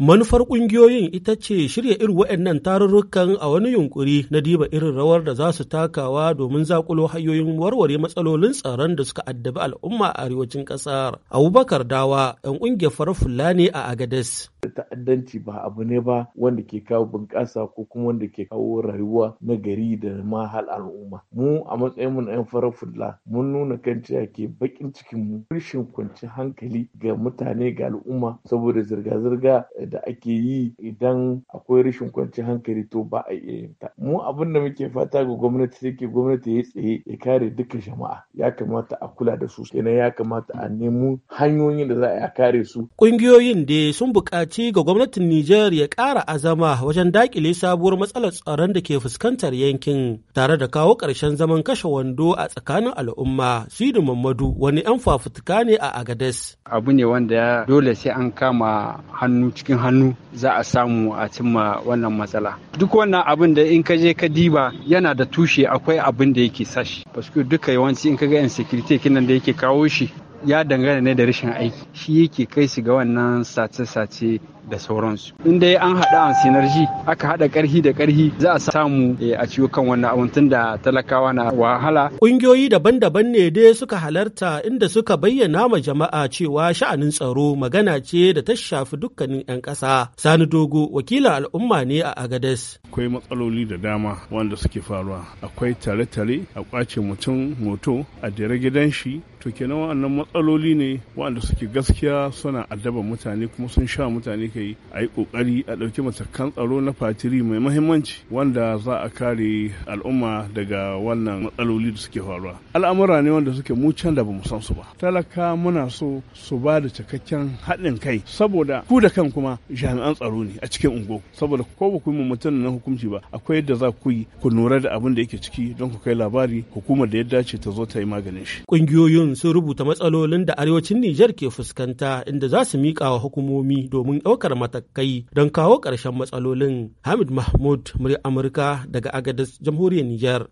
Manufar ƙungiyoyin ita ce shirya irin waɗannan tarurrukan a wani yunkuri na diba irin rawar da za su takawa domin zakulo hanyoyin warware matsalolin tsaron da suka addabi al'umma a arewacin ƙasar. Abubakar Dawa, 'yan ƙungiyar farar Fulani a Agades. ta'addanci ba abu ne ba wanda ke kawo bunƙasa ko kuma wanda ke kawo rayuwa na gari da ma hal al'umma mu a matsayin mu na yan farar fulla mun nuna kan cewa ke bakin cikin mu rashin kwanci hankali ga mutane ga al'umma saboda zirga-zirga da ake yi idan akwai rashin kwanci hankali to ba a iya yin ta mu abin da muke fata ga gwamnati sai ke gwamnati ya tsaye ya kare duka jama'a ya kamata a kula da su kenan ya kamata a nemo hanyoyin da za a kare su ƙungiyoyin da sun buƙaci buƙaci ga gwamnatin Nijar ya ƙara azama wajen daƙile sabuwar matsalar tsaron da ke fuskantar yankin tare da kawo ƙarshen zaman kashe wando a tsakanin al'umma. Sidi Mamadu wani 'yan fafutuka ne a Agades. Abu ne wanda dole sai an kama hannu cikin hannu za a samu a cimma wannan matsala. Duk wannan abin da in ka je ka diba yana da tushe akwai abin da yake sashi. Basku duka yawanci in ka ga insecurity kinan da yake kawo shi ya dangana ne da rashin aiki shi yake kai su ga wannan sace-sace da sauransu in dai an haɗa an sinarji aka haɗa ƙarhi da ƙarhi za a samu eh, a ciwo kan wannan abin tun da talakawa na wahala ƙungiyoyi daban-daban ne dai suka halarta inda suka bayyana ma jama'a cewa sha'anin tsaro magana ce da ta shafi dukkanin 'yan ƙasa sani dogo wakilan al'umma ne a agades akwai matsaloli da dama wanda suke faruwa akwai tare-tare a kwace mutum moto a dare gidan shi to kenan wa'annan matsaloli ne wanda suke gaskiya suna addaba mutane kuma sun sha mutane ke aka yi a yi kokari a ɗauki matakan tsaro na fatiri mai mahimmanci wanda za a kare al'umma daga wannan matsaloli da suke faruwa al'amura ne wanda suke mu can da bamu san su ba talaka muna so su ba da cikakken haɗin kai saboda ku da kan kuma jami'an tsaro ne a cikin ungo saboda ko ba ku yi mutum na hukunci ba akwai yadda za ku yi ku lura da abin da yake ciki don ku kai labari hukumar da ya dace ta zo ta yi maganin shi ƙungiyoyin sun rubuta matsalolin da arewacin Nijar ke fuskanta inda za su miƙa wa hukumomi domin ɗaukar ɗaukar matakai don kawo ƙarshen matsalolin. Hamid Mahmud, murya Amurka daga agadis Jamhuriyar Nijar.